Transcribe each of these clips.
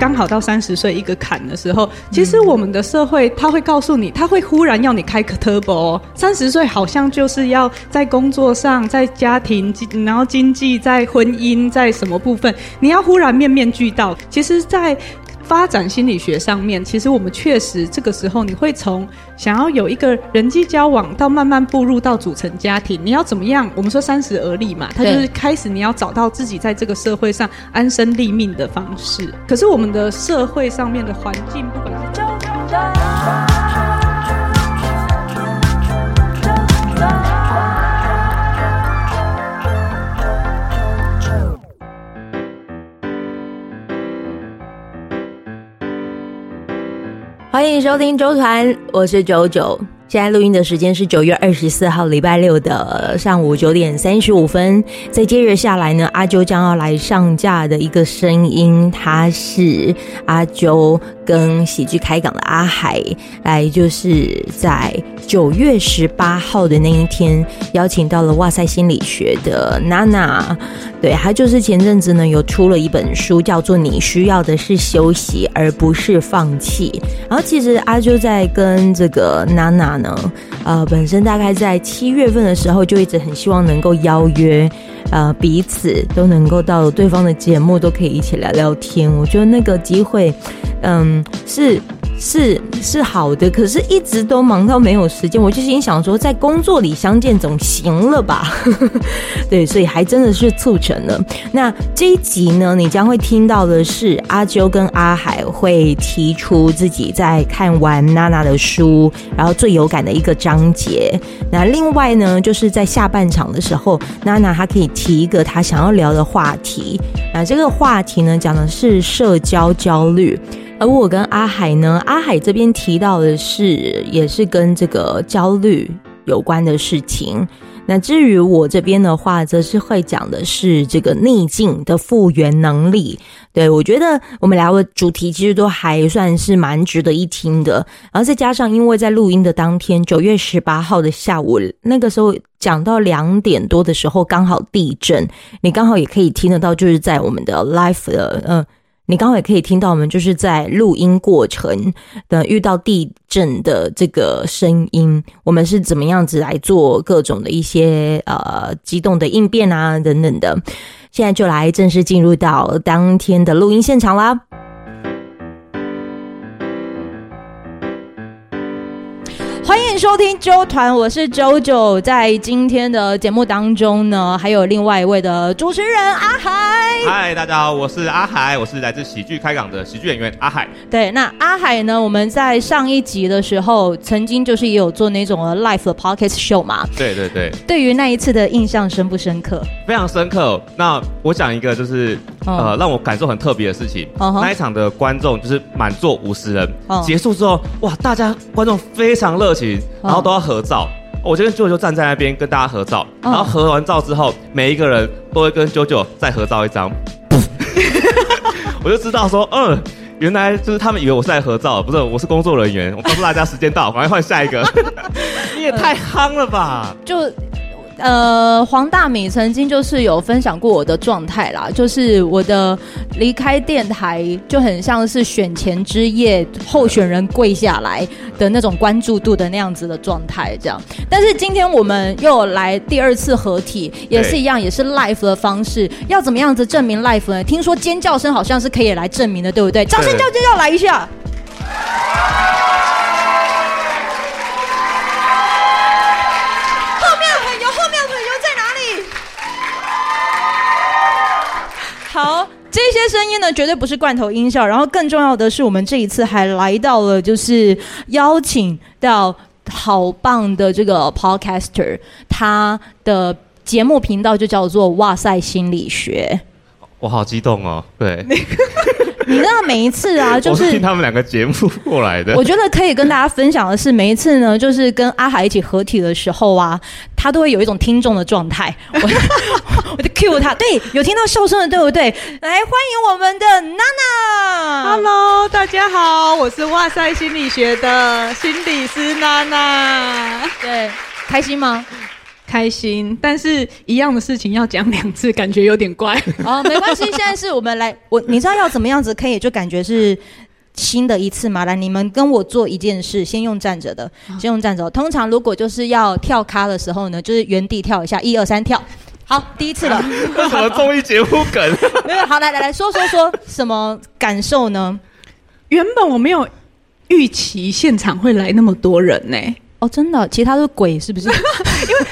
剛好到三十歲一個坎的時候，其實我們的社會它會告訴你，它會忽然要你開個 Turbo。三十歲好像就是要在工作上、在家庭、然後經濟、在婚姻、在什麼部分，你要忽然面面俱到。其實，在發展心理學上面，其實我們確實這個時候，你會從想要有一個人際交往，到慢慢步入到組成家庭，你要怎麼樣？我們說三十而立嘛，他就是開始你要找到自己在這個社會上安身立命的方式。可是我們的社會上面的環境，不的，不管是。 歡迎收聽啾團，我是啾啾。現在錄音的時間是九月二十四號禮拜六的上午九點三十五分。在接著下來呢，阿啾將要來上架的一個聲音，他是阿啾跟喜劇開港的阿海，來就是在九月十八號的那一天，邀請到了哇賽心理學的娜娜，對，她就是前陣子呢有出了一本書，叫做《你需要的是休息，而不是放棄》。然後其實阿啾在跟這個娜娜呢，呃，本身大概在七月份的時候就一直很希望能夠邀約，呃，彼此都能夠到對方的節目，都可以一起聊聊天。我覺得那個機會。嗯，是是是好的，可是一直都忙到沒有時間，我就心想說，在工作裡相見總行了吧？ 對，所以還真的是促成了。那這一集呢，你將會聽到的是阿啾跟阿海會提出自己在看完娜娜的書，然後最有感的一個章節。那另外呢，就是在下半場的時候，娜娜她可以提一個她想要聊的話題。那這個話題呢，講的是社交焦慮。而我跟阿海呢，阿海這邊提到的是，也是跟這個焦慮有關的事情。那至於我這邊的話，則是會講的是這個逆境的復原能力。對，我覺得我們倆的主題其實都還算是蠻值得一聽的。然後再加上，因為在錄音的當天，九月十八號的下午，那個時候講到兩點多的時候，剛好地震，你剛好也可以聽得到，就是在我們的 live 的嗯。你剛好也可以聽到，我們就是在錄音過程的遇到地震的這個聲音，我們是怎麼樣子來做各種的一些呃機動的應變啊等等的。現在就來正式進入到當天的錄音現場啦。歡迎收聽啾團，我是啾啾，在今天的節目當中呢，還有另外一位的主持人阿海。嗨，大家好，我是阿海，我是來自喜劇開港的喜劇演員阿海。對，那阿海呢，我們在上一集的時候，曾經就是也有做那種 live 的 podcast show 嘛。對對對。對於那一次的印象深不深刻？非常深刻。那我講一個，就是、uh -huh. 呃，讓我感受很特別的事情。哦、uh -huh.，那一場的觀眾就是滿座五十人，uh -huh. 結束之後，哇，大家觀眾非常樂趣。然後都要合照。Oh. 我就跟啾啾站在那邊跟大家合照，oh. 然後合完照之後，每一個人都會跟啾啾再合照一張。Oh. 我就知道說，嗯，原來就是他們以為我是在合照，不是我是工作人員。我告訴大家，時間到，趕 快換下一個。 你也太夯了吧？Oh. 就。呃，黃大米曾經就是有分享過我的狀態啦，就是我的離開電台就很像是選前之夜候選人跪下來的那種關注度的那樣子的狀態，這樣。但是今天我們又來第二次合體，也是一樣，也是 live 的方式，要怎麼樣子證明 live 呢？聽說尖叫聲好像是可以來證明的，對不對？掌聲叫尖叫，叫來一下！ 這些聲音呢，絕對不是罐頭音效。然後，更重要的是，我們這一次還來到了，就是邀請到好棒的這個 podcaster，他的節目頻道就叫做“哇賽心理學”。我好激動哦！對。 你知道每一次啊，就是,我是聽他們兩個節目過來的。我覺得可以跟大家分享的是，每一次呢，就是跟阿海一起合體的時候啊，他都會有一種聽眾的狀態。 我就 Cue 他， 對，有聽到笑聲的，對不對？來，歡迎我們的娜娜，Hello，大家好，我是哇賽心理學的心理師娜娜，對，開心嗎？開心，但是一樣的事情要講兩次，感覺有點怪。啊、 哦，沒關係，現在是我們來，我你知道要怎麼樣子可以就感覺是新的一次嗎？來，你們跟我做一件事，先用站着的，先用站着。通常如果就是要跳咖的時候呢，就是原地跳一下，一二三跳。好，第一次了。 為什麼綜藝節目梗？ 沒有，好，來來來說說說什麼感受呢？原本我沒有預期現場會來那麼多人呢、欸。哦、oh，真的，其他都是鬼是不是？ 因為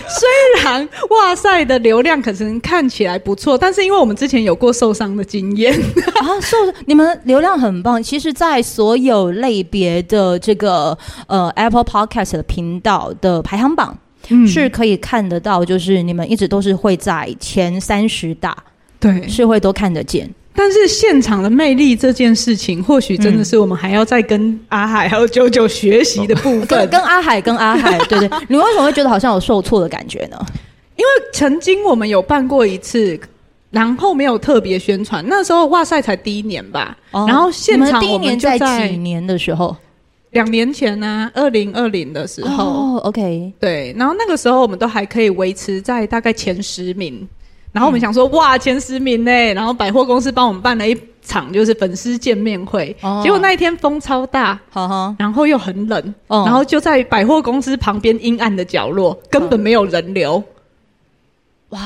雖然哇塞的流量可是看起來不錯， 但是因為我們之前有過受傷的經驗啊，受你們流量很棒。其實，在所有類別的這個呃 Apple Podcast 的頻道的排行榜，嗯、是可以看得到，就是你們一直都是會在前三十大，對，是會都看得見。但是現場的魅力這件事情，或許真的是我們還要再跟阿海還有啾啾學習的部分。嗯、okay, 跟阿海，跟阿海， 對,對對。你為什麼會覺得好像有受挫的感覺呢？因為曾經我們有辦過一次，然後沒有特別宣傳。那時候哇賽，才第一年吧、哦。然後現場我們第一年在幾年的時候，兩年前啊，二零二零的時候。哦，OK。對，然後那個時候我們都還可以維持在大概前十名。然後我們想說、嗯、哇前十名呢，然後百貨公司幫我們辦了一場就是粉絲見面會，哦、結果那一天風超大，哦哦、然後又很冷、哦，然後就在百貨公司旁邊陰暗的角落、哦、根本沒有人流、哦，哇！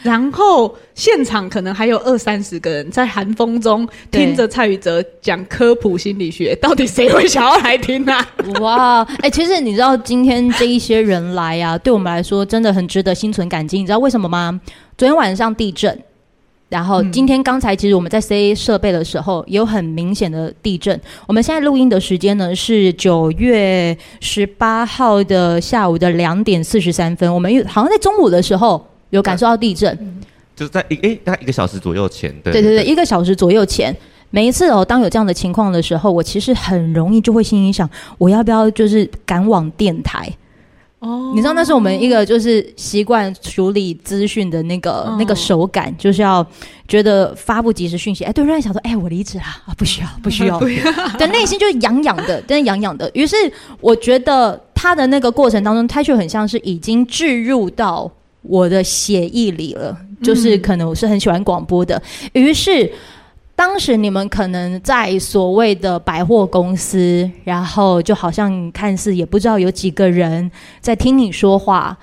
然後現場可能還有二三十個人在寒風中聽着蔡宇哲講科普心理學，到底誰會想要來聽呢、啊？ 哇！哎、欸，其實你知道今天這一些人來啊，對我們來說真的很值得心存感激，你知道為什麼嗎？昨天晚上地震，然後今天剛才其實我們在 C A 設備的時候有很明顯的地震。我們現在錄音的時間呢是九月十八號的下午的兩點四十三分。我們有好像在中午的時候有感受到地震，嗯、就是在一、欸、大概一個小時左右前，對，對對對，一個小時左右前。每一次哦，當有這樣的情況的時候，我其實很容易就會心裡想，我要不要就是趕往電台？哦，你知道那是我們一個就是習慣處理資訊的那個、oh. 那個手感，就是要覺得發佈即時訊息。哎，突然想說，哎，我離職了，哦，不需要，不需要，但 內心就是癢癢的，但癢癢的。於是我覺得他的那個過程當中，他就很像是已經置入到我的血液裡了，就是可能我是很喜歡廣播的， 於是。當時你們可能在所謂的百貨公司，然後就好像看似也不知道有幾個人在聽你說話。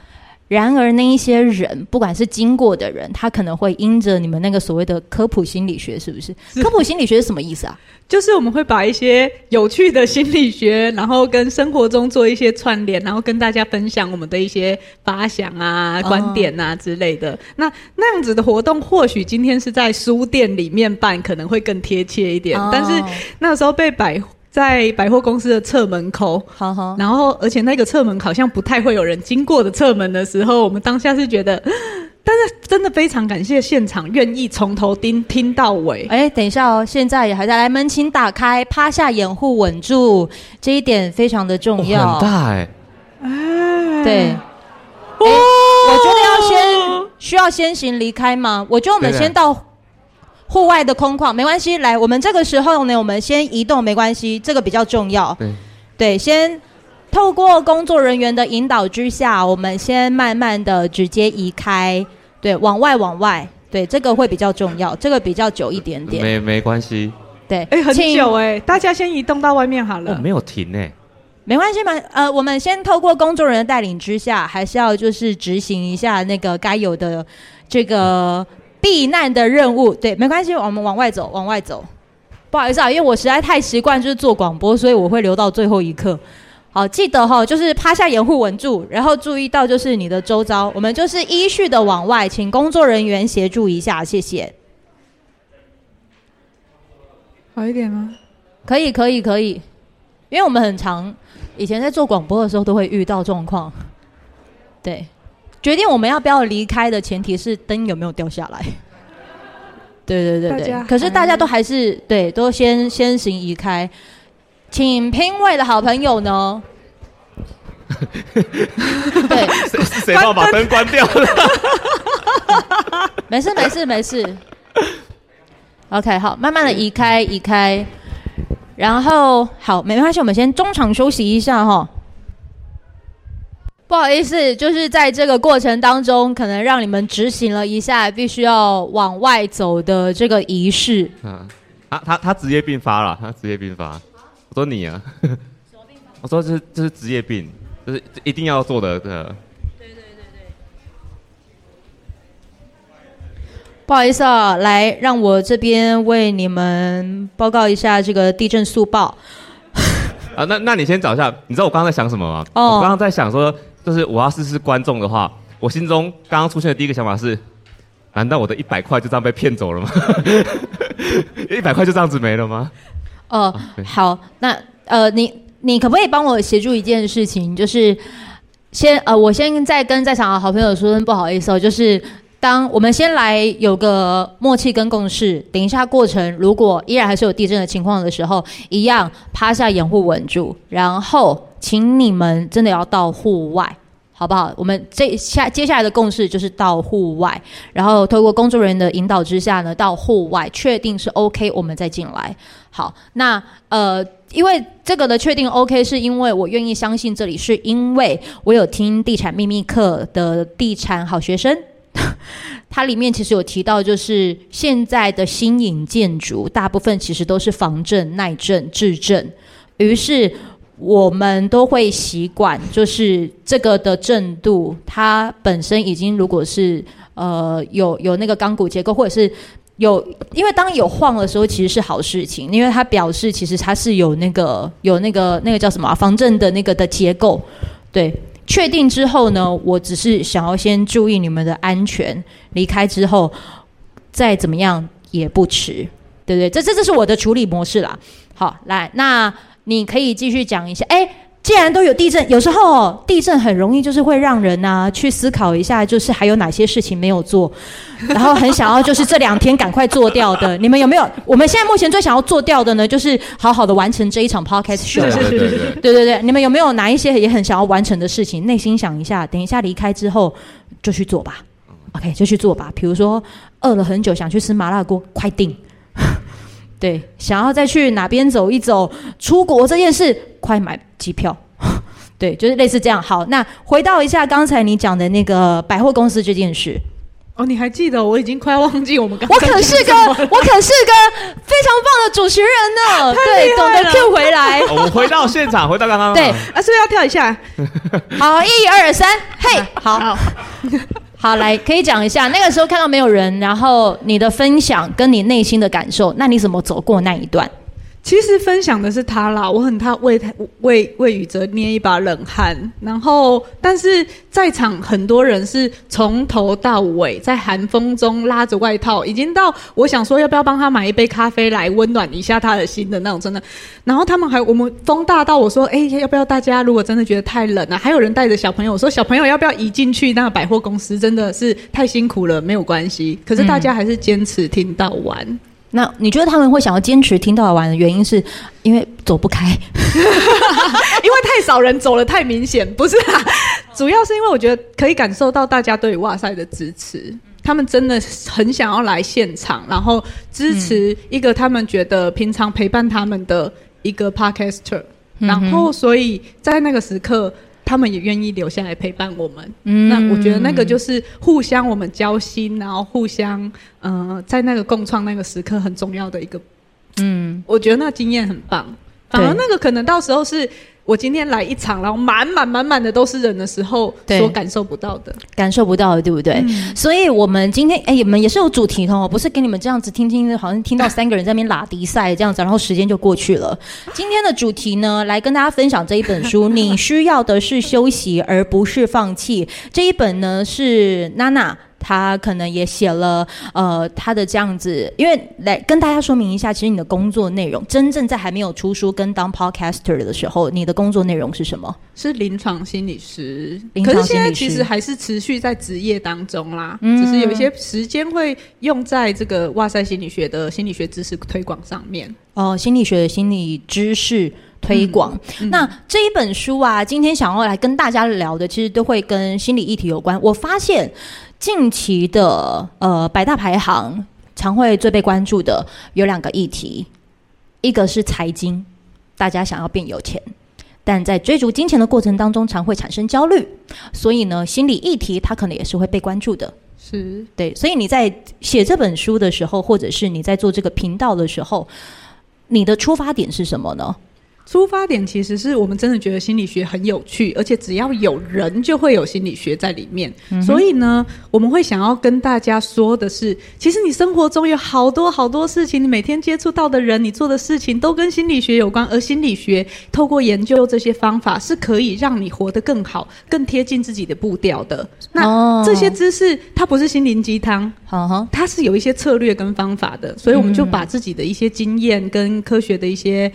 然而，那一些人，不管是經過的人，他可能會因着你們那個所謂的科普心理學，是不是？是，科普心理學是什麼意思啊？就是我們會把一些有趣的心理學，然後跟生活中做一些串聯，然後跟大家分享我們的一些發想啊、哦、觀點啊之類的。那那樣子的活動，或許今天是在書店裡面辦，可能會更貼切一點。哦。但是那時候被百。在百貨公司的側門口，好，好，然後而且那個側門好像不太會有人經過的側門的時候，我們當下是覺得，但是真的非常感謝現場願意從頭聽聽到尾。哎、欸，等一下哦，現在也還在來門，請打開，趴下掩護，穩住，這一點非常的重要。哦、很大哎、欸欸，對，哎、欸，我覺得要先需要先行離開嗎？我覺得我們先到。戶外的空曠沒關係，來，我們這個時候呢，我們先移動沒關係，這個比較重要對。對，先透過工作人員的引導之下，我們先慢慢的直接移開，對，往外往外，對，這個會比較重要，這個比較久一點點。呃、沒沒關係，對，哎、欸，很久、欸、大家先移動到外面好了。哦、沒有停誒、欸，沒關係嘛，呃，我們先透過工作人員帶領之下，還是要就是執行一下那個該有的這個。避難的任務，對，沒關係，我們往外走，往外走。不好意思啊，因為我實在太習慣就是做廣播，所以我會留到最後一刻。好，記得哈，就是趴下掩護，穩住，然後注意到就是你的周遭。我們就是依序的往外，請工作人員協助一下，謝謝。好一點嗎？可以，可以，可以，因為我們很常，以前在做廣播的時候都會遇到狀況，對。決定我們要不要離開的前提是燈有沒有掉下來。對，對對對對，可是大家都還是、嗯、對，都先先行移開，請評委的好朋友呢？ 對，誰誰要把燈關掉了？了 嗯？沒事沒事沒事。OK，好，慢慢的移開移開，然後好，沒關係，我們先中場休息一下哈。不好意思，就是在這個過程當中，可能讓你們執行了一下必須要往外走的這個儀式。啊，他他他職業病發了，他職業病發。我說你啊， 我說這、就是這、就是職業病，這、就是一定要做的、這個。對對對，對，對。不好意思啊，來讓我這邊為你們報告一下這個地震速報。 啊，那那你先找一下，你知道我剛剛在想什麼嗎？Oh. 我剛剛在想說。就是我要是是觀眾的話，我心中剛剛出現的第一個想法是：難道我的一百塊就這樣被騙走了嗎？一百塊就這樣子沒了嗎？哦、呃啊，好，那呃，你你可不可以幫我協助一件事情？就是先呃，我先在跟在場的好朋友說聲不好意思哦。就是當我們先來有個默契跟共識，等一下過程如果依然還是有地震的情況的時候，一樣趴下、掩護、穩住，然後，請你們真的要到戶外，好不好？我們這下接下來的共識就是到戶外，然後透過工作人員的引導之下呢，到戶外確定是 OK，我們再進來。好，那呃，因為這個的確定 OK，是因為我願意相信這裡，是因為我有聽地產秘密課的地產好學生，它裡面其實有提到，就是現在的新穎建築大部分其實都是防震、耐震、制震，於是。我們都會習慣，就是這個的震度，它本身已經如果是呃有有那個鋼骨結構，或者是有，因為當有晃的時候，其實是好事情，因為它表示其實它是有那個有那個那個叫什麼、啊、防震的那個的結構，對。確定之後呢，我只是想要先注意你們的安全，離開之後再怎麼樣也不遲，對不對？這這這是我的處理模式啦。好，來那。你可以繼續講一下，誒，既然都有地震，有時候哦，地震很容易就是會讓人啊去思考一下，就是還有哪些事情沒有做，然後很想要就是這兩天趕快做掉的。 你們有沒有？我們現在目前最想要做掉的呢？就是好好的完成這一場 podcast show 對對對對對對對。對對對，你們有沒有哪一些也很想要完成的事情？內心想一下，等一下離開之後就去做吧。OK，就去做吧。比如說餓了很久想去吃麻辣鍋，快訂。對，想要再去哪邊走一走，出國這件事，快買機票。 對，就是類似這樣。好，那回到一下剛才你講的那個百貨公司這件事。哦，你還記得、哦？我已經快忘記我們剛、剛。我可是個，我可是個非常棒的主持人呢。了對，懂得 cue 回來、哦。我回到現場，回到剛剛、剛。對，啊，是不是要跳一下？好，一二三，嘿，好。 好，來，可以講一下那個時候看到沒有人，然後你的分享跟你內心的感受，那你怎麼走過那一段？其實分享的是他啦，我很怕為他為為雨澤捏一把冷汗，然後但是在場很多人是從頭到尾在寒風中拉着外套，已經到我想說要不要幫他買一杯咖啡來溫暖一下他的心的那種真的，然後他們還我們風大到我說哎、欸、要不要大家如果真的覺得太冷了，啊，還有人帶着小朋友，我說小朋友要不要移進去那個百貨公司，真的是太辛苦了，沒有關係，可是大家還是堅持聽到完。嗯那你覺得他們會想要堅持聽到完的原因是，因為走不開， 因為太少人走了太明顯，不是啦，主要是因為我覺得可以感受到大家對於哇賽的支持，他們真的很想要來現場，然後支持一個他們覺得平常陪伴他們的一個 podcaster，然後所以在那個時刻。他們也願意留下來陪伴我們。嗯，那我覺得那個就是互相我們交心，然後互相呃，在那個共創那個時刻很重要的一個，嗯，我覺得那經驗很棒，反而那個可能到時候是。我今天來一場，然後滿滿滿滿的都是人的時候，對所感受不到的，感受不到的，對不對？嗯，所以，我們今天誒，你們也是有主題的哦，不是給你們這樣子聽聽，好像聽到三個人在那邊拉迪賽這樣子，然後時間就過去了。今天的主題呢， 來跟大家分享這一本書。你需要的是休息，而不是放棄。這一本呢是娜娜。他可能也寫了，呃，他的這樣子，因為來跟大家說明一下，其實你的工作內容，真正在還沒有出書跟當 podcaster 的時候，你的工作內容是什麼？是臨床心理師。臨床心理師。可是現在其實還是持續在職業當中啦，嗯，只是有一些時間會用在這個哇賽心理學的心理學知識推廣上面。哦，呃，心理學的心理知識推廣，嗯嗯。那這一本書啊，今天想要來跟大家聊的，其實都會跟心理議題有關。我發現。近期的呃，百大排行常會最被關注的有兩個議題，一個是財經，大家想要變有錢，但在追逐金錢的過程當中，常會產生焦慮，所以呢，心理議題它可能也是會被關注的。是，對，所以你在寫這本書的時候，或者是你在做這個頻道的時候，你的出發點是什麼呢？出發點其實是我們真的覺得心理學很有趣，而且只要有人就會有心理學在裡面。嗯、所以呢，我們會想要跟大家說的是，其實你生活中有好多好多事情，你每天接觸到的人，你做的事情都跟心理學有關。而心理學透過研究這些方法，是可以讓你活得更好、更貼近自己的步調的。那、哦、這些知識它不是心靈雞湯，它是有一些策略跟方法的。所以我們就把自己的一些經驗跟科學的一些。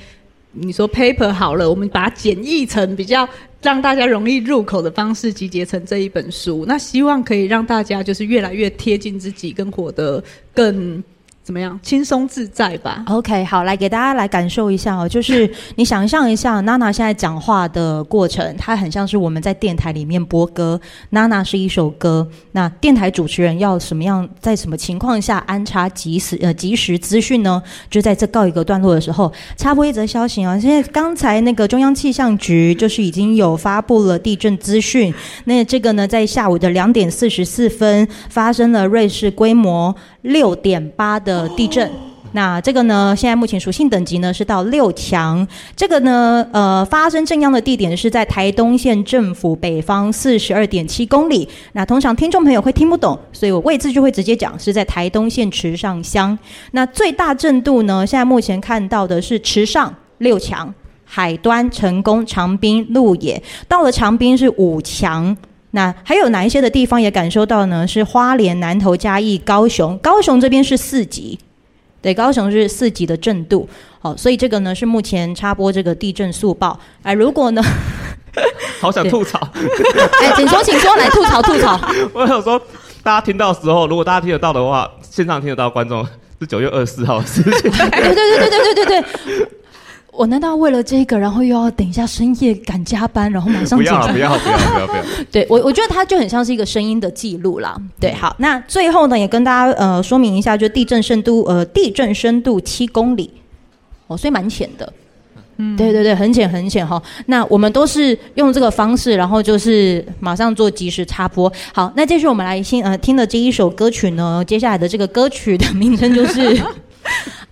你說 paper 好了，我們把它簡易成比較讓大家容易入口的方式，集結成這一本書。那希望可以讓大家就是越來越貼近自己，跟活得更。怎麼樣？輕鬆自在吧。OK，好，來給大家來感受一下哦。就是你想象一下，娜娜現在講話的過程，它很像是我們在電台裡面播歌。娜 娜是一首歌，那電台主持人要什麼樣，在什麼情況下安插即時呃即時資訊呢？就在這告一個段落的時候，插播一則消息啊。現在剛才那個中央氣象局就是已經有發布了地震資訊，那這個呢，在下午的兩點四十四分發生了芮氏規模。六點八的地震，那這個呢，現在目前屬性等級呢，是到六強。這個呢，呃，發生震央的地點是在台東縣政府北方四十二點七公里。那通常聽眾朋友會聽不懂，所以我位置就會直接講，是在台東縣池上鄉。那最大震度呢？現在目前看到的是池上六強，海端、成功、長濱、鹿野到了長濱是五強。那還有哪一些的地方也感受到呢？是花蓮、南投、嘉義、高雄。高雄這邊是四級，對，高雄是四級的震度。好，所以這個呢是目前插播這個地震速報。哎，如果呢，好想吐槽，哎，請說，請說，來吐槽吐槽。我想說，大家聽到的時候，如果大家聽得到的話，線上聽得到觀眾是九月二十四號的事情，哎。對對對對對對對。我難道為了這個，然後又要等一下深夜趕加班，然後馬上不要好，不要不要不要！ 對我我覺得它就很像是一個聲音的記錄啦。對，好，那最後呢也跟大家呃說明一下，就是、地震深度呃地震深度七公里哦，所以蠻淺的，嗯，對對對，很淺很淺哈。那我們都是用這個方式，然後就是馬上做即時插播。好，那繼續我們來新，呃聽的這一首歌曲呢，接下來的這個歌曲的名稱就是。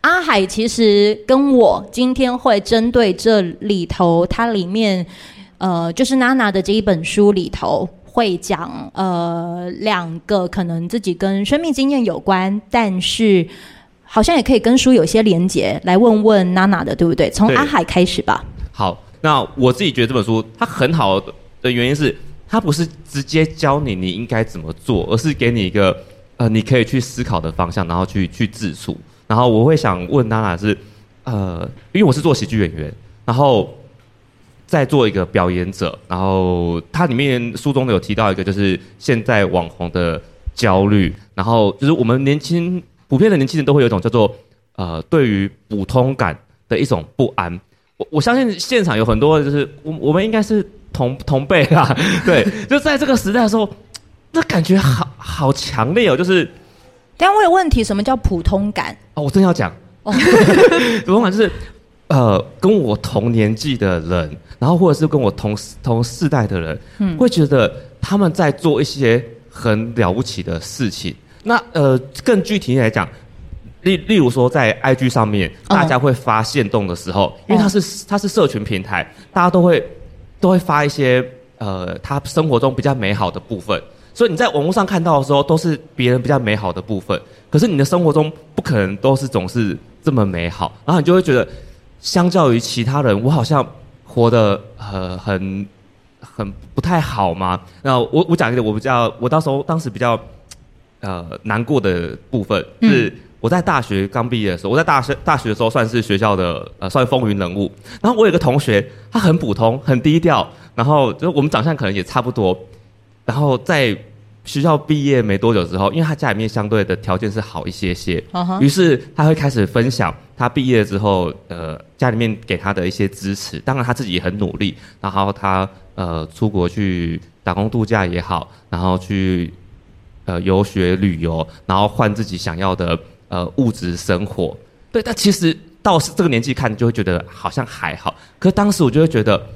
阿海其實跟我今天會針對這裡頭，它裡面呃，就是娜娜的這一本書裡頭會講呃兩個可能自己跟生命經驗有關，但是好像也可以跟書有些連結，來問問娜娜的，對不對？從阿海開始吧。好，那我自己覺得這本書它很好的原因是，它不是直接教你你應該怎麼做，而是給你一個呃你可以去思考的方向，然後去去自處。然後我會想問娜娜是，呃，因為我是做喜劇演員，然後在做一個表演者，然後他裡面書中有提到一個就是現在網紅的焦慮，然後就是我們年輕普遍的年輕人都會有一種叫做呃對於普通感的一種不安。我我相信現場有很多就是我我們應該是同同輩啊，對，就在這個時代的時候，那感覺好好強烈哦，就是。但我有問題，什麼叫普通感？哦，我真要講， 普通感就是呃，跟我同年紀的人，然後或者是跟我同同世代的人，嗯，會覺得他們在做一些很了不起的事情。那呃，更具體來講，例例如說，在 IG 上面，大家會發限動的時候，哦、因為它是它是社群平台，大家都會都會發一些呃，他生活中比較美好的部分。所以你在網絡上看到的時候，都是別人比較美好的部分。可是你的生活中不可能都是總是這麼美好，然後你就會覺得，相較於其他人，我好像活得、呃、很很很不太好嘛。然後我我講一個我比較，我到時候當時比較呃難過的部分是我在大學剛畢業的時候，我在大學大學的時候算是學校的呃算是風雲人物。然後我有一個同學，他很普通，很低調，然後就我們長相可能也差不多，然後在。學校畢業沒多久之後，因為他家裡面相對的條件是好一些些，於、Uh-huh. 是他會開始分享他畢業之後，呃，家裡面給他的一些支持。當然他自己也很努力，然後他呃出國去打工度假也好，然後去呃遊學旅遊，然後換自己想要的呃物質生活。對，但其實到這個年紀看，就會覺得好像還好。可是當時我就會覺得，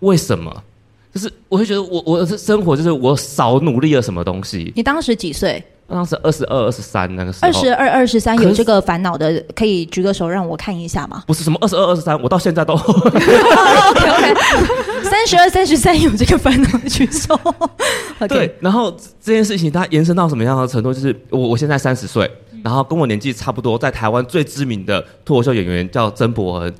為什麼？就是，我就覺得我我的生活，就是我少努力了什麼東西。你當時幾歲？當時二十二、二十三那個時候。二十二、二十三有這個煩惱的，可以舉個手讓我看一下嘛？不是什麼二十二、二十三，我到現在都。 oh, OK。三十二、三十三有這個煩惱舉手。Okay. 對，然後這件事情它延伸到什麼樣的程度？就是我我現在三十歲，然後跟我年紀差不多，在台灣最知名的脫口秀演員叫曾博恩。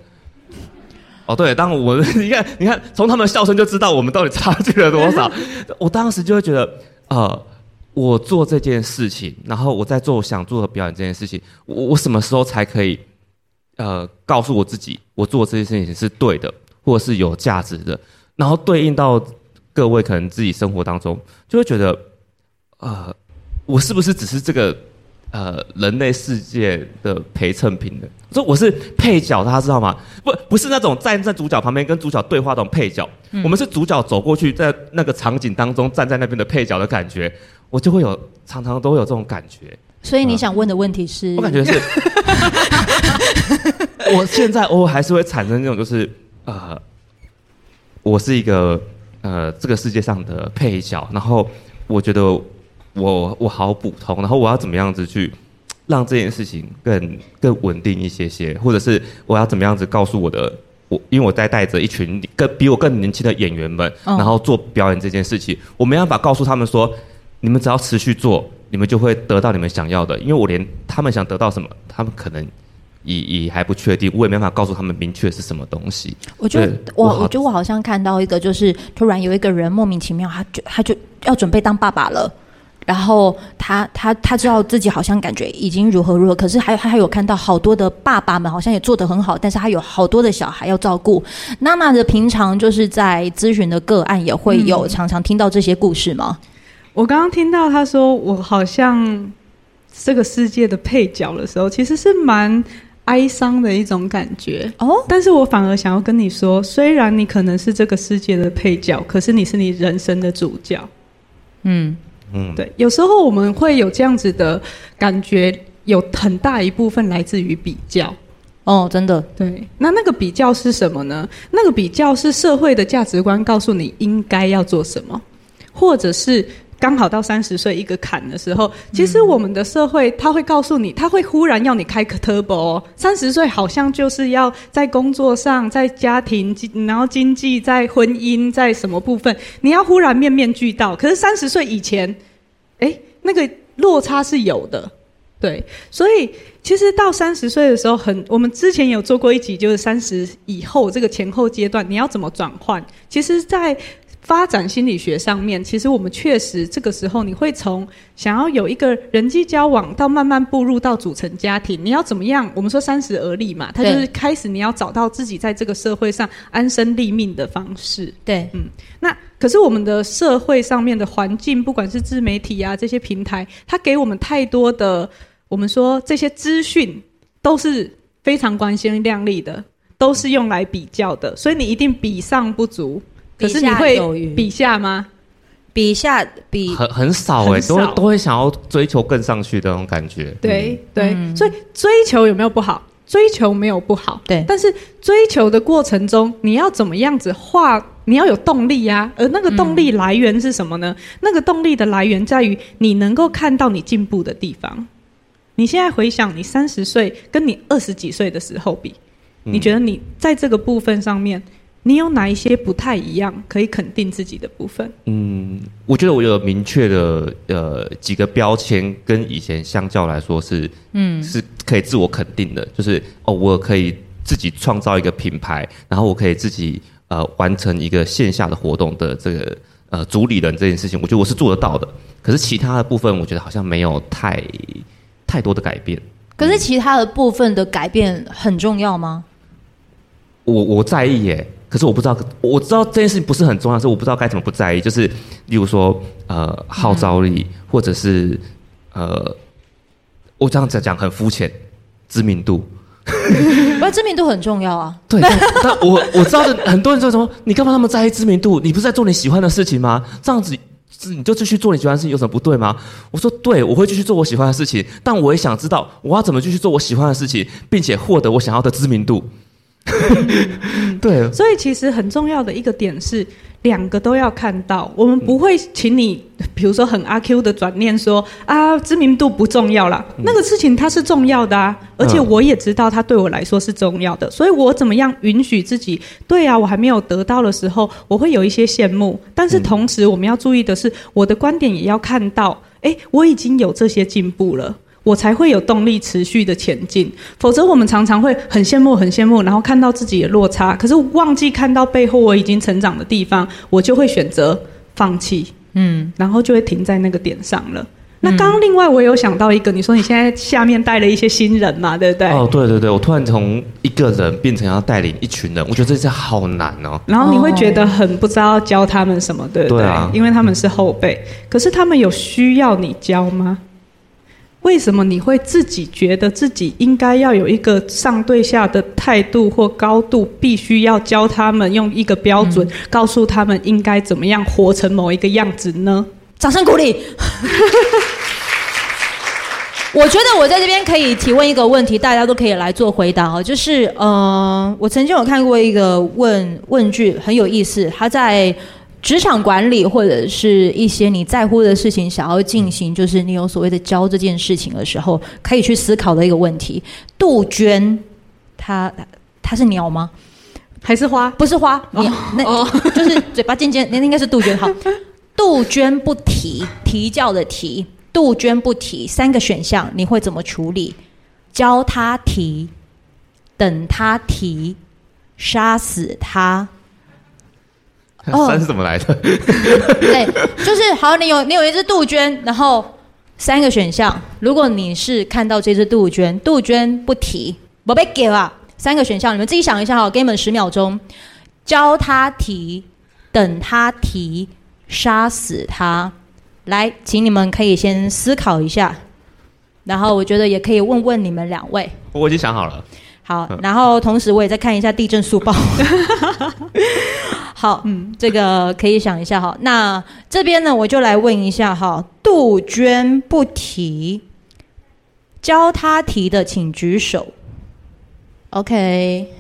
哦，對，當我你看，你看，從他們的笑聲就知道我們到底差距了多少。我當時就會覺得，呃，我做這件事情，然後我在做我想做的表演這件事情，我我什麼時候才可以，呃，告訴我自己我做這件事情是對的，或是有價值的？然後對應到各位可能自己生活當中，就會覺得，呃，我是不是只是這個？呃，人類世界的陪襯品的，所以我是配角，大家知道嗎？不，不是那種站在主角旁邊跟主角對話的這種配角，嗯。我們是主角走過去，在那個場景當中站在那邊的配角的感覺，我就會有常常都會有這種感覺。所以你想問的問題是？呃，我感覺是 我 現在偶爾還是會產生那種就是呃，我是一個呃這個世界上的配角，然後我覺得。我我好普通，然後我要怎麼樣子去讓這件事情更更穩定一些些，或者是我要怎麼樣子告訴我的我，因為我在帶着一群更比我更年輕的演員們、嗯，然後做表演這件事情，我沒辦法告訴他們說，你們只要持續做，你們就會得到你們想要的，因為我連他們想得到什麼，他們可能也也還不確定，我也沒辦法告訴他們明確是什麼東西。我覺得我我覺得我好像看到一個，就是突然有一個人莫名其妙，他就他就要準備當爸爸了。然後他他他知道自己好像感覺已經如何如何，可是還有他還有看到好多的爸爸們好像也做得很好，但是他有好多的小孩要照顧。娜娜的平常就是在諮詢的個案也會有常常聽到這些故事嗎？嗯。我剛剛聽到他說，我好像這個世界的配角的時候，其實是蠻哀傷的一種感覺哦。但是我反而想要跟你說，雖然你可能是這個世界的配角，可是你是你人生的主角。嗯。嗯，對，有時候我們會有這樣子的感覺，有很大一部分來自於比較。哦，真的，對，那那個比較是什麼呢？那個比較是社會的價值觀告訴你應該要做什麼，或者是。剛好到三十歲一個坎的時候，其實我們的社會它會告訴你，它會忽然要你開個 turbo，哦。三十歲好像就是要在工作上，在家庭，然後經濟，在婚姻，在什麼部分，你要忽然面面俱到。可是三十歲以前，誒，那個落差是有的，對。所以其實到三十歲的時候，很，我們之前有做過一集，就是三十以後這個前後階段，你要怎麼轉換？其實，在。發展心理學上面，其實我們確實這個時候，你會從想要有一個人際交往，到慢慢步入到組成家庭。你要怎麼樣？我們說三十而立嘛，他就是開始你要找到自己在這個社會上安身立命的方式。對，嗯，那可是我們的社會上面的環境，不管是自媒體啊這些平台，它給我們太多的，我們說這些資訊都是非常光鮮亮麗的，都是用來比較的，所以你一定比上不足。可是你會比下嗎？比下比很很少誒、欸，都會都會想要追求更上去的那種感覺。對、嗯、對，所以追求有沒有不好？追求沒有不好。對，但是追求的過程中，你要怎麼樣子畫？你要有動力呀、啊。而那個動力來源是什麼呢？嗯、那個動力的來源在於你能夠看到你進步的地方。你現在回想你三十歲跟你二十幾歲的時候比，你覺得你在這個部分上面？嗯你有哪一些不太一樣可以肯定自己的部分？嗯，我覺得我有明確的呃幾個標籤，跟以前相較來說是嗯是可以自我肯定的，就是哦，我可以自己創造一個品牌，然後我可以自己呃完成一個線下的活動的這個呃主理人這件事情，我覺得我是做得到的。可是其他的部分，我覺得好像沒有太太多的改變。嗯。可是其他的部分的改變很重要嗎？我我在意耶、欸。可是我不知道，我知道這件事情不是很重要，是我不知道該怎麼不在意。就是例如說，呃，號召力，或者是呃，我這樣子講很膚淺，知名度。那 知名度很重要啊。對，但我我知道的很多人說什麼， 你幹嘛那麼在意知名度？你不是在做你喜歡的事情嗎？這樣子，你就繼續做你喜歡的事情，有什麼不對嗎？我說，對，我會繼續做我喜歡的事情，但我也想知道，我要怎麼繼續做我喜歡的事情，並且獲得我想要的知名度。 嗯嗯、對、啊，所以其實很重要的一個點是，兩個都要看到。我們不會請你，比如說很阿 Q 的轉念說，啊，知名度不重要啦，那個事情它是重要的啊，嗯。而且我也知道它對我來說是重要的，啊，所以我怎麼樣允許自己？對啊，我還沒有得到的時候，我會有一些羨慕。但是同時，我們要注意的是，嗯，我的觀點也要看到，哎，欸，我已經有這些進步了。我才會有動力持續的前進，否則我們常常會很羨慕，很羨慕，然後看到自己的落差，可是忘記看到背後我已經成長的地方，我就會選擇放棄，嗯，然後就會停在那個點上了。嗯、那剛剛另外我有想到一個，你說你現在下面帶了一些新人嘛，對不對？哦，對對對，我突然從一個人變成要帶領一群人，我覺得這是好難哦。然後你會覺得很不知道要教他們什麼，對不對？對啊、因為他們是後輩、嗯，可是他們有需要你教嗎？為什麼你會自己覺得自己應該要有一個上對下的態度或高度，必須要教他們用一個標準，嗯、告訴他們應該怎麼樣活成某一個樣子呢？掌聲鼓勵。 我覺得我在這邊可以提問一個問題，大家都可以來做回答啊，就是嗯、呃，我曾經有看過一個問問句，很有意思，他在。職場管理或者是一些你在乎的事情，想要進行，就是你有所謂的教這件事情的時候，可以去思考的一個問題。杜鵑，它它是鳥嗎？還是花？不是花，鳥、哦，那、哦、就是嘴巴尖尖，那 應該是杜鵑。好，杜鵑不啼，啼叫的啼，杜鵑不啼，三個選項你會怎麼處理？教他啼，等他啼，殺死他。哦，三是怎麼來的？對、 欸，就是好，你有你有一隻杜鵑，然後三個選項。如果你是看到這隻杜鵑，杜鵑不啼，寶貝，給了三個選項，你們自己想一下哈，給你們十秒鐘，教他啼，等他啼，殺死他。來，請你們可以先思考一下，然後我覺得也可以問問你們兩位。我已經想好了。好，然後同時我也再看一下地震速報。 好，嗯，這個可以想一下哈。那這邊呢，我就來問一下哈，杜鵑不啼，教他啼的，請舉手。OK。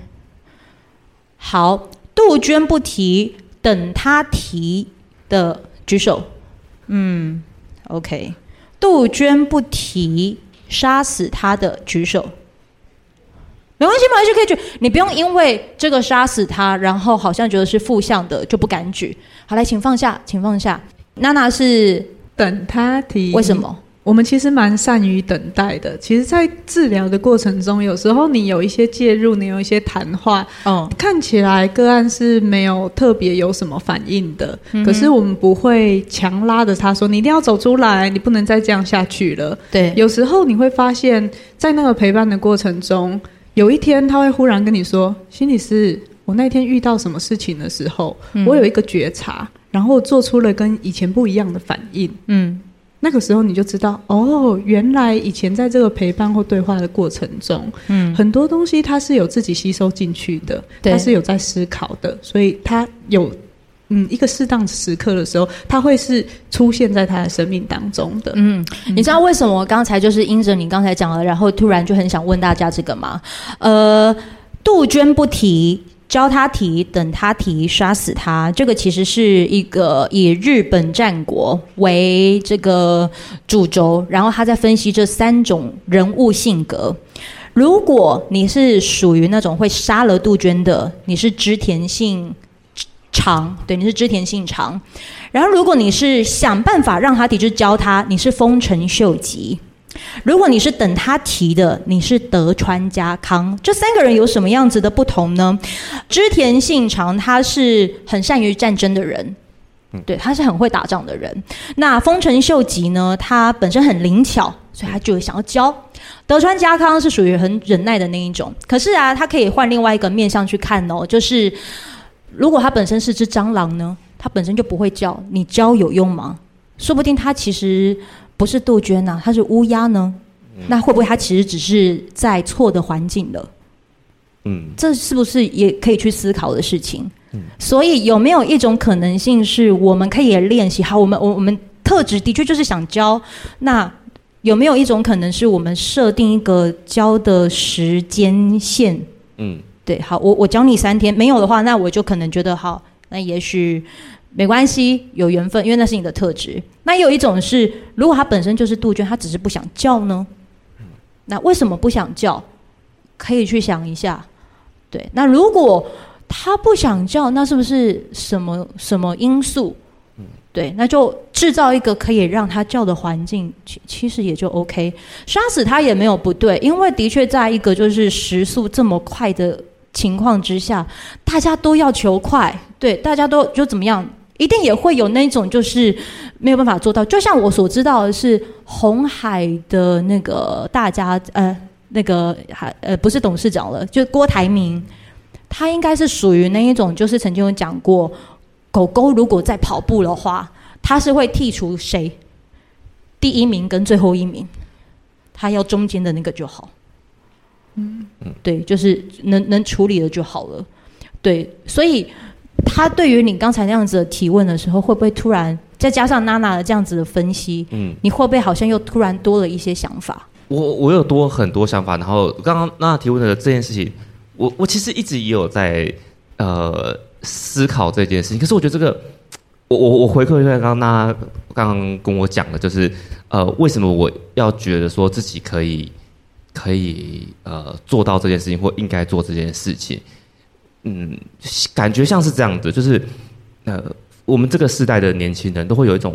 好，杜鵑不啼等他啼的舉手。嗯，OK。杜鵑不啼殺死他的舉手。沒關係，沒關係，可以舉。你不用因為這個殺死他，然後好像覺得是負向的就不敢舉。好，來，請放下，請放下。娜娜是等他提，為什麼？我們其實蠻善於等待的。其實，在治療的過程中，有時候你有一些介入，你有一些談話，哦、嗯，看起來個案是沒有特別有什麼反應的。嗯、可是我們不會強拉着他說，你一定要走出來，你不能再這樣下去了。對，有時候你會發現在那個陪伴的過程中，有一天他會忽然跟你說：“心理師，我那天遇到什麼事情的時候，嗯、我有一個覺察，然後做出了跟以前不一樣的反應。”嗯，那個時候你就知道，哦，原來以前在這個陪伴或對話的過程中，嗯，很多東西他是有自己吸收進去的，他是有在思考的，所以他有。嗯，一個適當時刻的時候，他會是出現在他的生命當中的。嗯，你知道為什麼剛才就是因着你剛才講了，然後突然就很想問大家這個嗎？呃，杜鵑不提，教他提，等他提，殺死他。這個其實是一個以日本戰國為這個主軸，然後他在分析這三種人物性格。如果你是屬於那種會殺了杜鵑的，你是織田信長對你是織田信長，然後如果你是想辦法讓他提，就是、教他；你是豐臣秀吉，如果你是等他提的，你是德川家康。這三個人有什麼樣子的不同呢？織田信長他是很善於戰爭的人，嗯、對，他是很會打仗的人。那豐臣秀吉呢，他本身很靈巧，所以他就想要教。德川家康是屬於很忍耐的那一種，可是啊，他可以換另外一個面向去看哦，就是。如果它本身是隻蟑螂呢？它本身就不會叫，你教有用嗎？說不定它其實不是杜鵑呢，啊，它是烏鴉呢？嗯？那會不會它其實只是在錯的環境了？嗯，這是不是也可以去思考的事情？嗯。所以有沒有一種可能性是我們可以練習？好，我們我我們特質的確就是想教。那有沒有一種可能是我們設定一個教的時間線？嗯。對，好，我我教你三天。沒有的話，那我就可能覺得好，那也許沒關係，有緣分，因為那是你的特質。那有一種是，如果他本身就是杜鵑，他只是不想叫呢？那為什麼不想叫？可以去想一下。對，那如果他不想叫，那是不是什麼什麼因素？對，那就制造一個可以讓他叫的環境，其實也就 OK。殺死他也沒有不對，因為的確在一個就是時速這麼快的。情況之下，大家都要求快，對，大家都就怎麼樣，一定也會有那一種就是沒有辦法做到。就像我所知道的是，鴻海的那個大家，呃，那個還呃不是董事長了，就郭台銘，他應該是屬於那一種，就是曾經有講過，狗狗如果在跑步的話，他是會剔除誰？第一名跟最後一名，他要中間的那個就好。嗯，對，就是能能處理了就好了。對，所以他對於你剛才那樣子的提問的時候，會不會突然再加上娜娜的這樣子的分析？嗯，你會不會好像又突然多了一些想法？我我有多很多想法，然後剛剛娜娜提問的這件事情，我我其實一直也有在呃思考這件事情。可是我覺得這個，我我我回饋一下剛剛娜娜剛剛跟我講的，就是呃，為什麼我要覺得說自己可以。可以呃做到這件事情，或應該做這件事情，嗯，感覺像是這樣子，就是呃，我們這個世代的年輕人都會有一種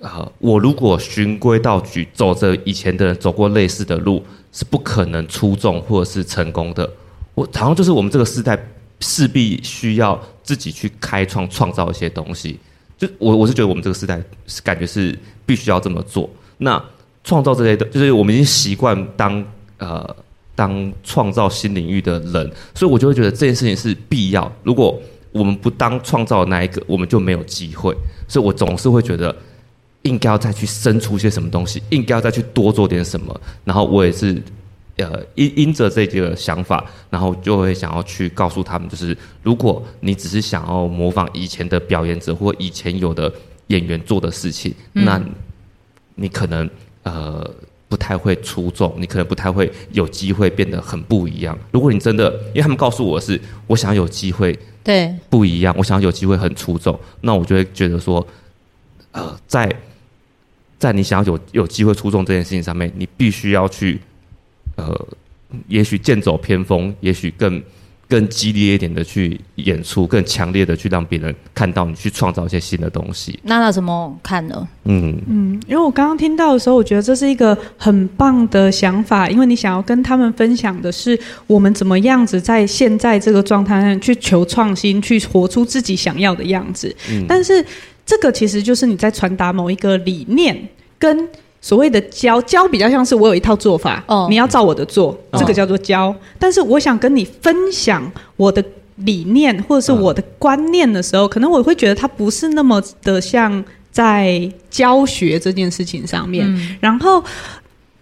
啊、呃，我如果循規蹈矩，走着以前的人走過類似的路，是不可能出眾或者是成功的。我好像就是我們這個世代勢必需要自己去開創、創造一些東西。就我我是覺得我們這個世代感覺是必須要這麼做。那創造這類的，就是我們已經習慣當呃當創造新領域的人，所以我就會覺得這件事情是必要。如果我們不當創造的那一個，我們就沒有機會。所以我總是會覺得應該要再去生出些什麼東西，應該要再去多做點什麼。然後我也是呃因因着這個想法，然後就會想要去告訴他們，就是如果你只是想要模仿以前的表演者或以前有的演員做的事情，那你可能。呃，不太會出眾，你可能不太會有機會變得很不一樣。如果你真的，因為他們告訴我是，我想要有機會對不一樣，我想要有機會很出眾，那我就會覺得說，呃，在在你想要有有機會出眾這件事情上面，你必須要去呃，也許劍走偏鋒，也許更。更激烈一點的去演出，更強烈的去讓別人看到你，去創造一些新的東西。娜娜怎麼看呢？嗯嗯，因為我剛剛聽到的時候，我覺得這是一個很棒的想法，因為你想要跟他們分享的是我們怎麼樣子在現在這個狀態上去求創新，去活出自己想要的樣子。但是這個其實就是你在傳達某一個理念跟。所謂的教教比較像是我有一套做法，oh. 你要照我的做，這個叫做教。Oh. 但是我想跟你分享我的理念或者是我的觀念的時候，oh. 可能我會覺得它不是那麼的像在教學這件事情上面。嗯。然後，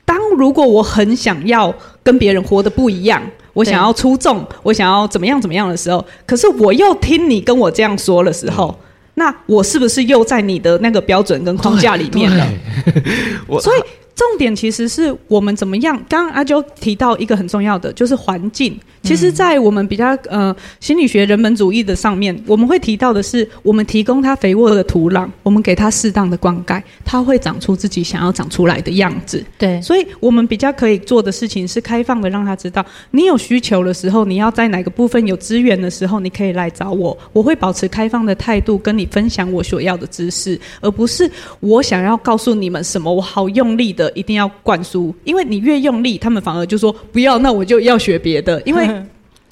當如果我很想要跟別人活得不一樣，我想要出眾，我想要怎麼樣怎麼樣的時候，可是我又聽你跟我這樣說的時候。那我是不是又在你的那個標準跟框架裡面了？對對 所以。重點其實是我們怎麼樣？剛剛阿海提到一個很重要的，就是環境。其實，在我們比較呃心理學人本主義的上面，我們會提到的是，我們提供它肥沃的土壤，我們給它適當的灌溉，它會長出自己想要長出來的樣子。對，所以我們比較可以做的事情是開放的，讓他知道你有需求的時候，你要在哪個部分有資源的時候，你可以來找我，我會保持開放的態度跟你分享我所要的知識，而不是我想要告訴你們什麼，我好用力的。一定要灌輸，因為你越用力，他們反而就說不要。那我就要學別的。因為呵呵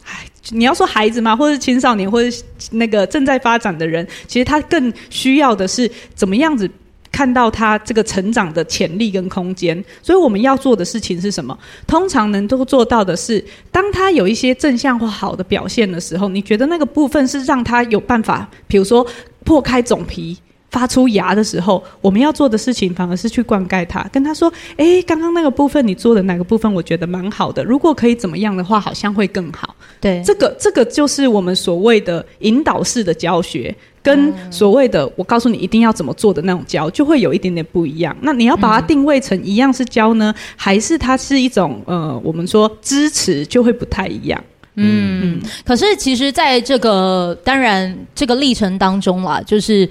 唉，你要說孩子嘛，或是青少年，或是那個正在發展的人，其實他更需要的是怎麼樣子看到他這個成長的潛力跟空間。所以我們要做的事情是什麼？通常能夠做到的是，當他有一些正向或好的表現的時候，你覺得那個部分是讓他有辦法，比如說破開種皮。發出芽的時候，我們要做的事情反而是去灌溉它，跟他說：“哎、欸，剛剛那個部分你做的哪個部分，我覺得蠻好的。如果可以怎麼樣的話，好像會更好。”對，這個這個就是我們所謂的引導式的教學，跟所謂的“我告訴你一定要怎麼做的那種教、嗯”就會有一點點不一樣。那你要把它定位成一樣是教呢，嗯、還是它是一種呃，我們說支持就會不太一樣。嗯，嗯可是其實在這個當然這個歷程當中啊，就是。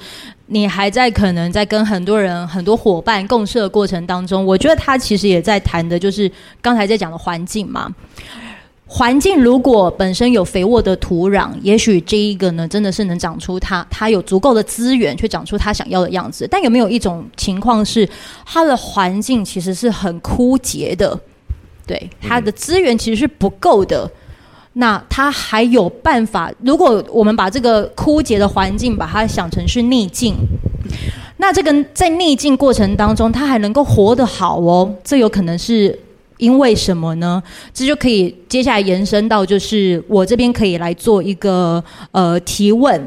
你還在可能在跟很多人、很多夥伴共事的過程當中，我覺得他其實也在談的，就是剛才在講的環境嘛。環境如果本身有肥沃的土壤，也許這一個呢，真的是能長出它，它有足夠的資源，去長出它想要的樣子。但有沒有一種情況是，它的環境其實是很枯竭的，對，它的資源其實是不夠的。那他還有辦法？如果我們把這個枯竭的環境把它想成是逆境，那這個在逆境過程當中，他還能夠活得好哦，這有可能是因為什麼呢？這就可以接下來延伸到，就是我這邊可以來做一個呃提問。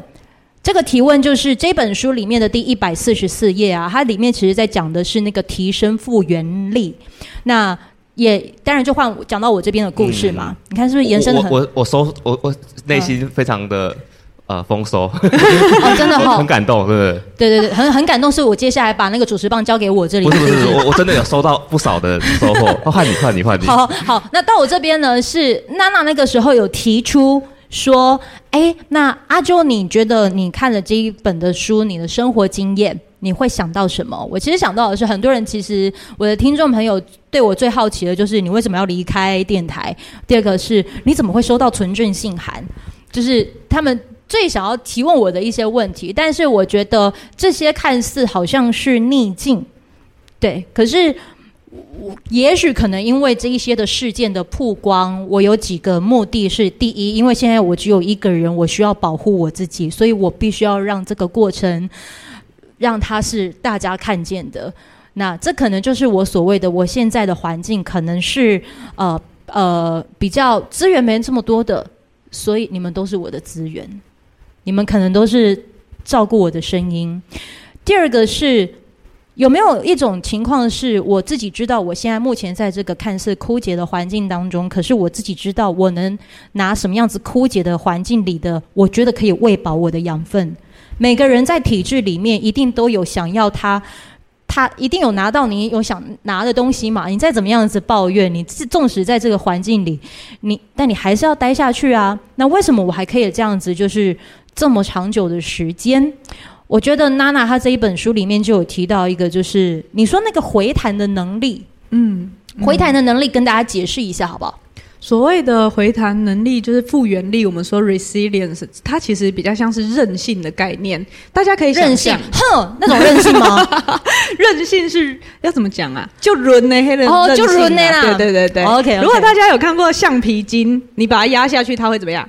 這個提問就是這本書裡面的第一百四十四頁啊，它裡面其實在講的是那個提升復原力。那也當然就換講到我這邊的故事嘛、嗯，你看是不是延伸的很？我我我，我收我我內心非常的呃豐、呃、收， 哦真的好，很感動是不是？對對對，很很感動。是我接下來把那個主持棒交給我這裡。不是不是， 我我真的有收到不少的收穫。換、 哦、你換你換你。好好,好，那到我這邊呢，是娜娜那個時候有提出說，哎、欸，那阿啾你覺得你看了這一本的書，你的生活經驗？你會想到什麼？我其實想到的是，很多人其實我的聽眾朋友對我最好奇的就是你為什麼要離開電台。第二個是，你怎麼會收到存證信函？就是他們最想要提問我的一些問題。但是我覺得這些看似好像是逆境，對，可是也許可能因為這一些的事件的曝光，我有幾個目的是：第一，因為現在我只有一個人，我需要保護我自己，所以我必須要讓這個過程。讓他是大家看見的。那這可能就是我所謂的。我現在的環境可能是呃呃比較資源沒這麼多的，所以你們都是我的資源，你們可能都是照顧我的聲音。第二個是有沒有一種情況是我自己知道，我現在目前在這個看似枯竭的環境當中，可是我自己知道我能拿什麼樣子枯竭的環境裡的，我覺得可以餵飽我的養分。每個人在體制裡面一定都有想要他，他一定有拿到你有想拿的東西嘛，你再怎麼樣子抱怨，你縱使在這個環境裡，你但你還是要待下去啊。那為什麼我還可以這樣子，就是這麼長久的時間？我覺得娜娜她這一本書裡面就有提到一個，就是你說那個回彈的能力，嗯，嗯，回彈的能力跟大家解釋一下好不好？.所謂的回彈能力就是復原力，我們說 resilience，它其實比較像是韌性的概念。大家可以想象，哼，那種韌性嗎？韌 性是要怎麼講啊？就韌呢、欸？黑人哦、oh, 啊，就韌、欸、啦對，對對對對。Oh, OK okay。如果大家有看過橡皮筋，你把它壓下去，它會怎麼樣？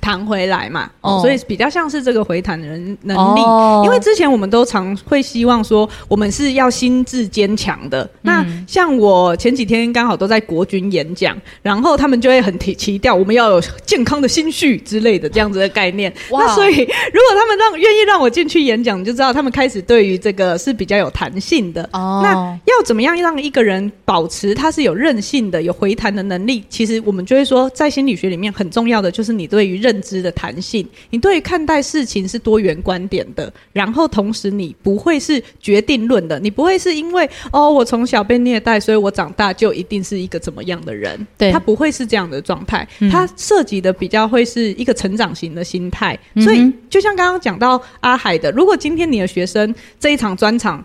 彈回來嘛，oh. 所以比較像是這個回彈人能力。Oh. 因為之前我們都常會希望說，我們是要心智堅強的、嗯。那像我前幾天剛好都在國軍演講，然後他們就會很提強調我們要有健康的心緒之類的這樣子的概念。Wow. 那所以如果他們讓願意讓我進去演講，你就知道他們開始對於這個是比較有彈性的。哦、oh，那要怎麼樣讓一個人保持他是有韌性的、有回彈的能力？其實我們就會說，在心理學裡面很重要的就是你對於韌認知的彈性，你對於看待事情是多元觀點的，然後同時你不會是決定論的，你不會是因為哦，我從小被虐待，所以我長大就一定是一個怎麼樣的人，對，他不會是這樣的狀態、嗯，他涉及的比較會是一個成長型的心態，所以、嗯、就像剛剛講到阿海的，如果今天你的學生這一場專場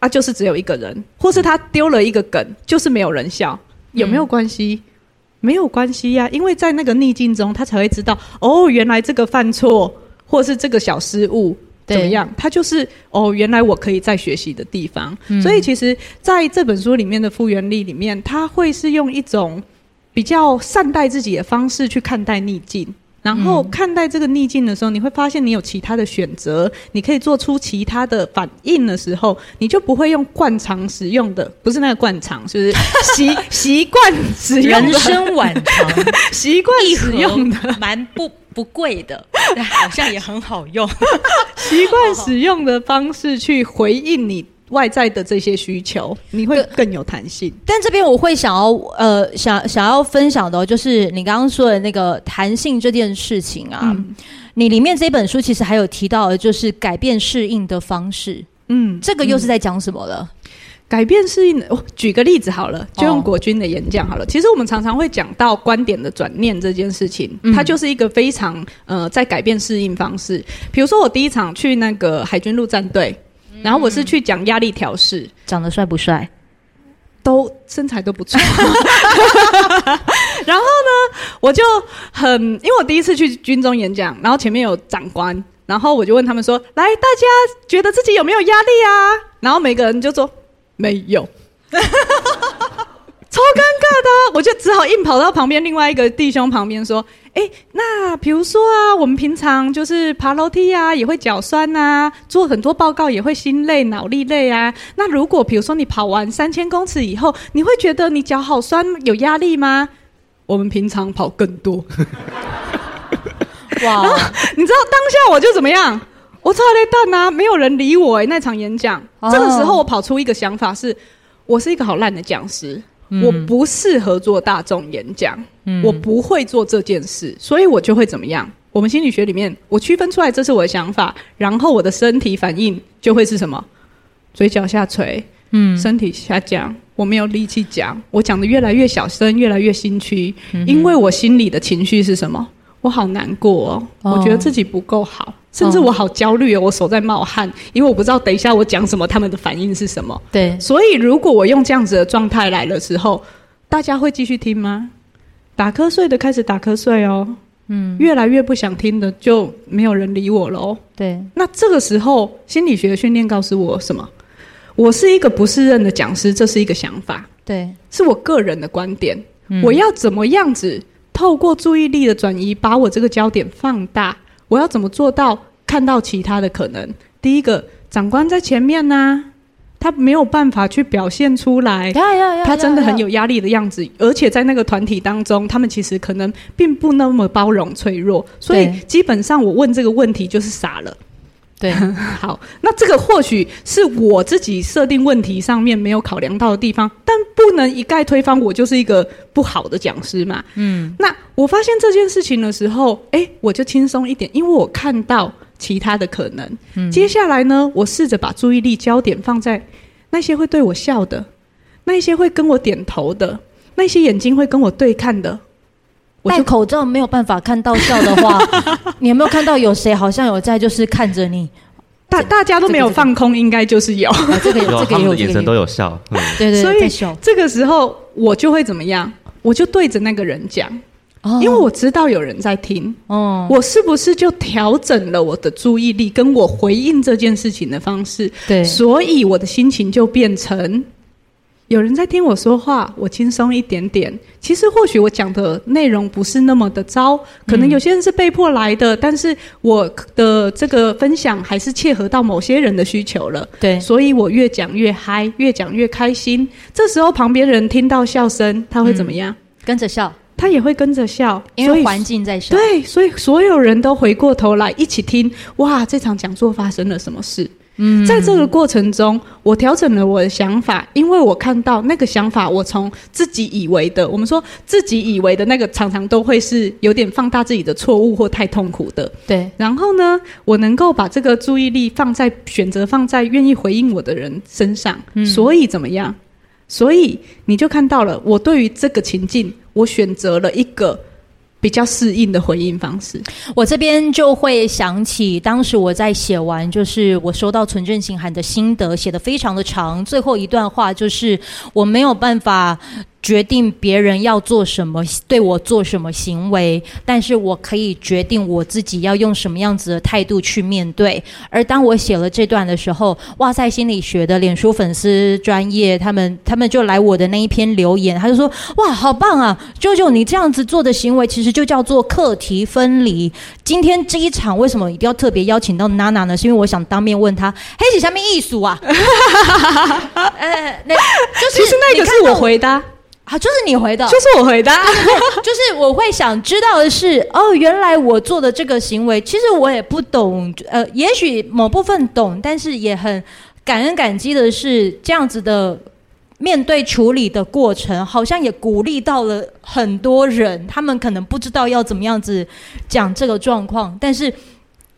啊，就是只有一個人，或是他丟了一個梗，就是沒有人笑，嗯、有沒有關係？沒有關係呀、啊，因為在那個逆境中，他才會知道哦，原來這個犯錯，或是這個小失誤，怎麼樣？他就是哦，原來我可以再學習的地方。嗯。所以其實在這本書裡面的復原力裡面，他會是用一種比較善待自己的方式去看待逆境。然後看待這個逆境的時候，嗯，你會發現你有其他的選擇，你可以做出其他的反應的時候，你就不會用慣常使用的，不是那個慣常，就是習 習慣使用，人生晚長，習慣使用的，蠻 不不貴的，但好像也很好用， 習慣使用的方式去回應你。外在的這些需求，你會更有彈性。但，但這邊我會想要，呃，想想要分享的、哦，就是你剛剛說的那個彈性這件事情啊。嗯、你裡面這本書其實還有提到，的就是改變適應的方式。嗯，這個又是在講什麼的、嗯嗯？改變適應，我、哦、舉個例子好了，就用國軍的演講好了、哦。其實我們常常會講到觀點的轉念這件事情、嗯，它就是一個非常呃，在改變適應方式。比如說，我第一場去那個海軍陸戰隊。然後我是去講壓力調試，嗯、長得帥不帥？都身材都不錯。 然後呢，我就很，因為我第一次去軍中演講，然後前面有長官，然後我就問他們說：“ 來，大家覺得自己有沒有壓力啊？”然後每個人就說：“ 沒有。 ”超尷尬的，我就只好硬跑到旁邊另外一個弟兄旁邊說。哎、欸，那比如說啊，我們平常就是爬樓梯啊也會腳酸吶；做很多報告也會心累、腦力累啊。那如果比如說你跑完三千公尺以後，你會覺得你腳好酸，有壓力嗎？我們平常跑更多。 哇！然後你知道當下我就怎麼樣？我吵了一段啊！沒有人理我誒、欸、那場演講、哦，這個時候我跑出一個想法是：我是一個好爛的講師。我不適合做大眾演講、嗯，我不會做這件事，所以我就會怎麼樣？我們心理學裡面，我區分出來這是我的想法，然後我的身體反應就會是什麼？嘴角下垂，嗯，身體下降、嗯，我沒有力氣講，我講的越來越小聲，越來越心虛、嗯，因為我心裡的情緒是什麼？我好難過，哦，我覺得自己不夠好。哦甚至我好焦慮哦，哦，我手在冒汗，因為我不知道等一下我講什麼，他們的反應是什麼。對，所以如果我用這樣子的狀態來的時候，大家會繼續聽嗎？打瞌睡的開始打瞌睡哦。嗯，越來越不想聽的就沒有人理我了哦。對，那這個時候心理學的訓練告訴我什麼？我是一個不適任的講師，這是一個想法。對，是我個人的觀點。嗯，我要怎麼樣子透過注意力的轉移，把我這個焦點放大？我要怎麼做到看到其他的可能？第一個，長官在前面呢、啊，他沒有辦法去表現出來，yeah, yeah, yeah, 他真的很有壓力的樣子，yeah, yeah, yeah. 而且在那個團體當中，他們其實可能並不那麼包容脆弱，所以基本上我問這個問題就是傻了。對， 好，那這個或許是我自己設定問題上面沒有考量到的地方，但不能一概推翻我就是一個不好的講師嘛。嗯，那我發現這件事情的時候，哎、欸，我就輕鬆一點，因為我看到其他的可能。嗯、接下來呢，我試着把注意力焦點放在那些會對我笑的，那些會跟我點頭的，那些眼睛會跟我對看的。戴口罩沒有辦法看到笑的話，你有沒有看到有誰好像有在就是看着你？大 大家都沒有放空，應該就是有。這， 哦這，個 哦、這個有這個有， 眼神都有笑，對對。所以這個時候我就會怎麼樣？我就對着那個人講，因為我知道有人在聽。哦，我是不是就調整了我的注意力，跟我回應這件事情的方式？對，所以我的心情就變成。有人在聽我說話，我輕鬆一點點。其實或許我講的內容不是那麼的糟，可能有些人是被迫來的，嗯，但是我的這個分享還是切合到某些人的需求了。對，所以我越講越嗨，越講越開心。這時候旁邊人聽到笑聲，他會怎麼樣？嗯，跟着笑，他也會跟着笑，因為環境在笑。對，所以所有人都回過頭來一起聽。哇，這場講座發生了什麼事？在這個過程中，我調整了我的想法，因為我看到那個想法，我從自己以為的，我們說自己以為的那個，常常都會是有點放大自己的錯誤或太痛苦的。對，然後呢，我能夠把這個注意力放在選擇放在願意回應我的人身上。嗯，所以怎麼樣？所以你就看到了，我對於這個情境，我選擇了一個。比較適應的回應方式，我這邊就會想起當時我在寫完，就是我收到存證信函的心得，寫的非常的長，最後一段話就是我沒有辦法。決定別人要做什麼，對我做什麼行為，但是我可以決定我自己要用什麼樣子的態度去面對。而當我寫了這段的時候，哇賽心理學的臉書粉絲專頁，他們他們就來我的那一篇留言，他就說：哇，好棒啊，啾啾，你這樣子做的行為其實就叫做課題分離。今天這一場為什麼一定要特別邀請到娜娜呢？是因為我想當面問她：嘿下面藝術啊？ 呃，就是其實那個是你看我回答。啊，就是你回的，就是我回答， 就是我會想知道的是，哦，原來我做的這個行為，其實我也不懂，呃，也許某部分懂，但是也很感恩感激的是，這樣子的面對處理的過程，好像也鼓勵到了很多人，他們可能不知道要怎麼樣子講這個狀況，但是。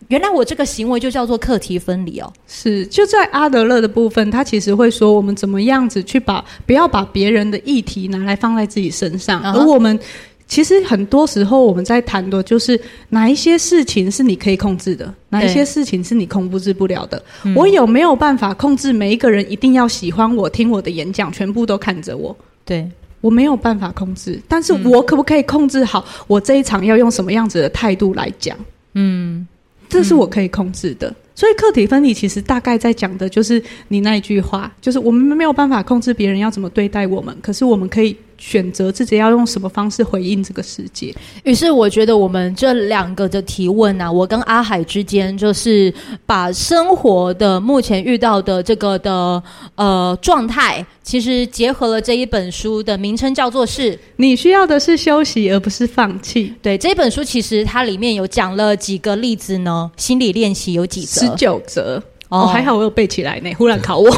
原來我這個行為就叫做課題分離哦。是，就在阿德勒的部分，他其實會說，我們怎麼樣子去把不要把別人的議題拿來放在自己身上。Uh-huh. 而我們其實很多時候我們在談的，就是哪一些事情是你可以控制的，哪一些事情是你控制不了的。我有沒有辦法控制每一個人一定要喜歡我、聽我的演講，全部都看着我？對，我沒有辦法控制，但是我可不可以控制好我這一場要用什麼樣子的態度來講？嗯。這是我可以控制的，嗯，所以課題分離其實大概在講的就是你那一句話，就是我們沒有辦法控制別人要怎麼對待我們，可是我們可以。選擇自己要用什麼方式回應這個世界。於是我覺得我們這兩個的提問啊，我跟阿海之間就是把生活的目前遇到的這個的呃狀態，其實結合了這一本書的名稱叫做是“你需要的是休息，而不是放棄”。對，這本書其實它裡面有講了幾個例子呢？心理練習有幾個？十九則。Oh, 哦，還好我有背起來呢，忽然考我。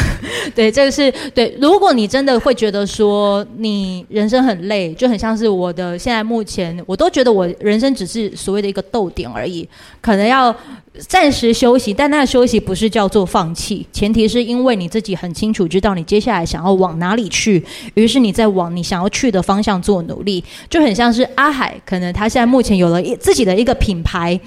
對，這個是對。如果你真的會覺得說你人生很累，就很像是我的現在目前，我都覺得我人生只是所謂的一個逗點而已。可能要暫時休息，但那個休息不是叫做放棄，前提是因為你自己很清楚知道你接下來想要往哪裡去，於是你在往你想要去的方向做努力，就很像是阿海，可能他現在目前有了一自己的一個品牌，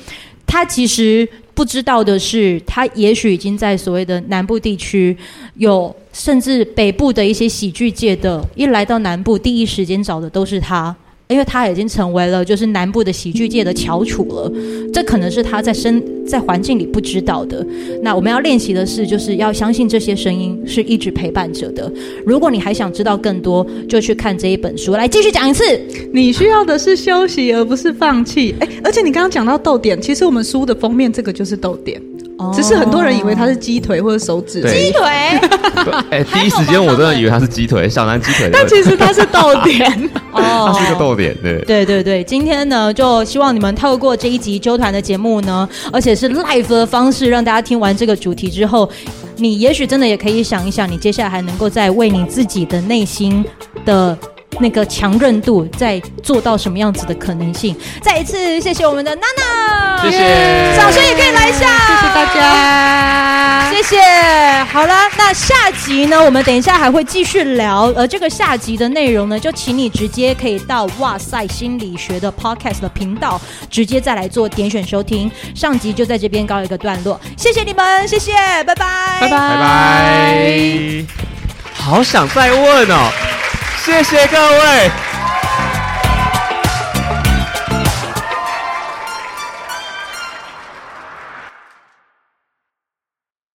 他其實。不知道的是，他也許已經在所謂的南部地區，有甚至北部的一些喜劇界的，一來到南部，第一時間找的都是他。因為他已經成為了就是南部的喜劇界的翹楚了，這可能是他在身在環境裡不知道的。那我們要練習的是，就是要相信這些聲音是一直陪伴着的。如果你還想知道更多，就去看這一本書。來，繼續講一次。你需要的是休息，而不是放棄。誒，而且你剛剛講到逗點，其實我們書的封面這個就是逗點。只是很多人以為它是雞腿或者手指、哦，雞腿。哎 、欸，第一時間我真的以為它是雞腿，小南雞腿。但其實它是逗點，它、 哦、是一個逗點。對，對對對，今天呢，就希望你們透過這一集啾團的節目呢，而且是 live 的方式，讓大家聽完這個主題之後，你也許真的也可以想一想，你接下來還能夠再為你自己的內心的。那個強韌度在做到什麼樣子的可能性？再一次謝謝我們的娜娜，謝謝，掌聲也可以來一下，謝謝大家，謝謝。好了，那下集呢？我們等一下還會繼續聊，而、呃、這個下集的內容呢，就請你直接可以到哇賽心理學的 podcast 的頻道，直接再來做點選收聽。上集就在這邊告一個段落，謝謝你們，謝謝，拜拜，拜拜拜拜。好想再問哦。謝謝各位。